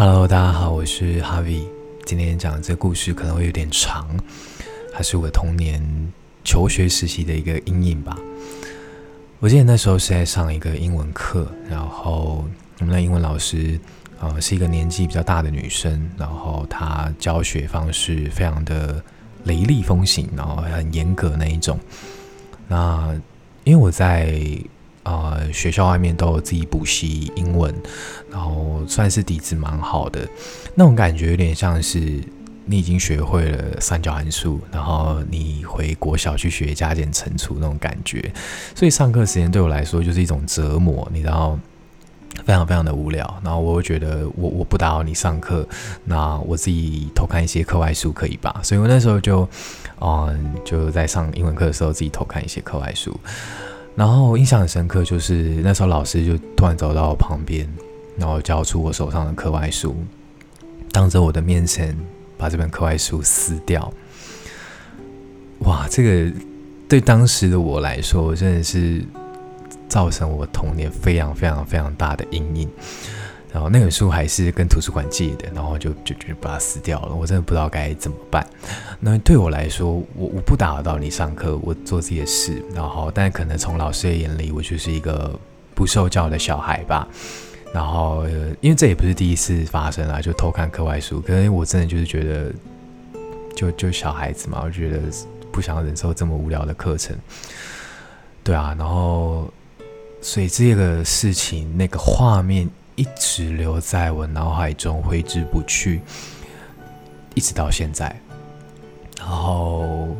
Hello，大家好，我是 Harvie。今天講的這個故事可能會有點長，還是我的童年求學時期的一個陰影吧。我記得那時候是在上一個英文課，然後我們的英文老師啊、呃、是一個年紀比較大的女生，然後她教學方式非常的雷厲風行，然後很嚴格那一種。那因為我在，呃、嗯，學校外面都有自己補習英文，然後算是底子蠻好的，那種感覺有點像是你已經學會了三角函數，然後你回國小去學加減乘除那種感覺，所以上課時間對我來說就是一種折磨，你知道，非常非常的無聊。然後我會覺得我，我我不打擾你上課，那我自己偷看一些課外書可以吧？所以我那時候就，嗯，就在上英文課的時候自己偷看一些課外書。然後印象很深刻，就是那時候老師，就突然走到我旁邊，然後交出我手上的課外書，當着我的面前把這本課外書撕掉。哇，這個對當時的我來說，真的是造成我童年非常非常非常大的陰影。然後那本書還是跟圖書館借的，然後就就就把它撕掉了。我真的不知道該怎麼辦。那對我來說，我我不打擾到你上課，我做自己的事。然後，但可能從老師的眼裡，我就是一個不受教的小孩吧。然後，因為這也不是第一次發生啊，就偷看課外書。可是我真的就是覺得，就就小孩子嘛，我覺得不想忍受這麼無聊的課程。對啊，然後，所以這個事情，那個畫面。一直留在我腦海中揮之不去，一直到現在。然後，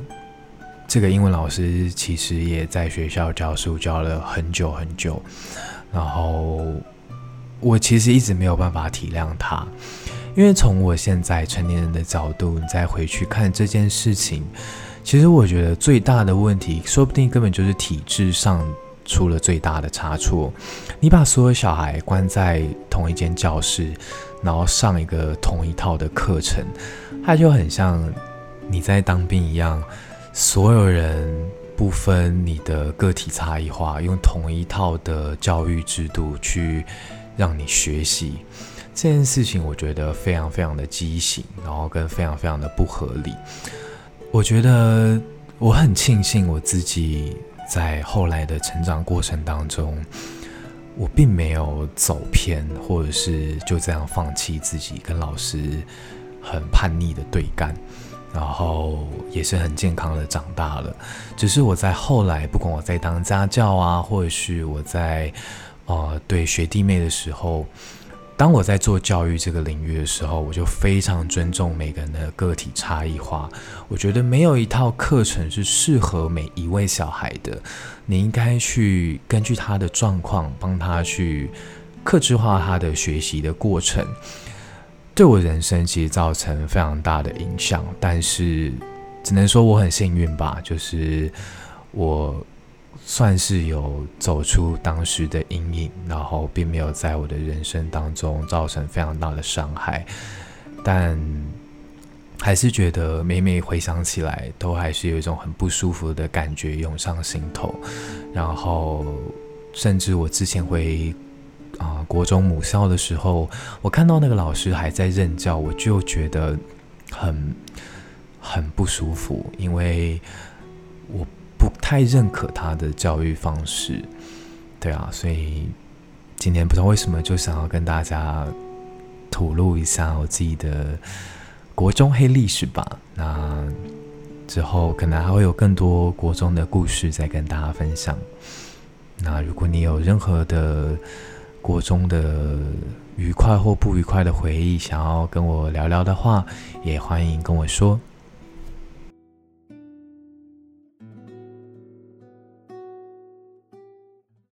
這個英文老師其實也在學校教書教了很久很久。然後，我其實一直沒有辦法體諒他，因為從我現在成年人的角度，你再回去看這件事情，其實我覺得最大的問題，說不定根本就是體制上。出了最大的差錯，你把所有小孩關在同一間教室，然後上一個同一套的課程，它就很像你在當兵一樣，所有人不分你的個體差異化，用同一套的教育制度去讓你學習這件事情，我覺得非常非常的畸形，然後跟非常非常的不合理。我覺得我很慶幸我自己。在後來的成長過程當中，我並沒有走偏，或者是就這樣放棄自己，跟老師很叛逆的對幹，然後也是很健康的長大了。只、就是我在後來，不管我在當家教啊，或者是我在呃對學弟妹的時候。當我在做教育這個領域的時候，我就非常尊重每個人的個體差異化。我覺得沒有一套課程是適合每一位小孩的，你應該去根據他的狀況幫他去客製化他的學習的過程。對我人生其實造成非常大的影響，但是只能說我很幸運吧，就是我。算是有走出當時的陰影，然後並沒有在我的人生當中造成非常大的傷害，但還是覺得每每回想起來，都還是有一種很不舒服的感覺湧上心頭。然後，甚至我之前回啊、呃、國中母校的時候，我看到那個老師還在任教，我就覺得很很不舒服，因為我。太認可他的教育方式，對啊，所以今天不知道為什麼就想要跟大家吐露一下我自己的國中黑歷史吧。那之後可能還會有更多國中的故事再跟大家分享。那如果你有任何的國中的愉快或不愉快的回憶，想要跟我聊聊的話，也歡迎跟我說。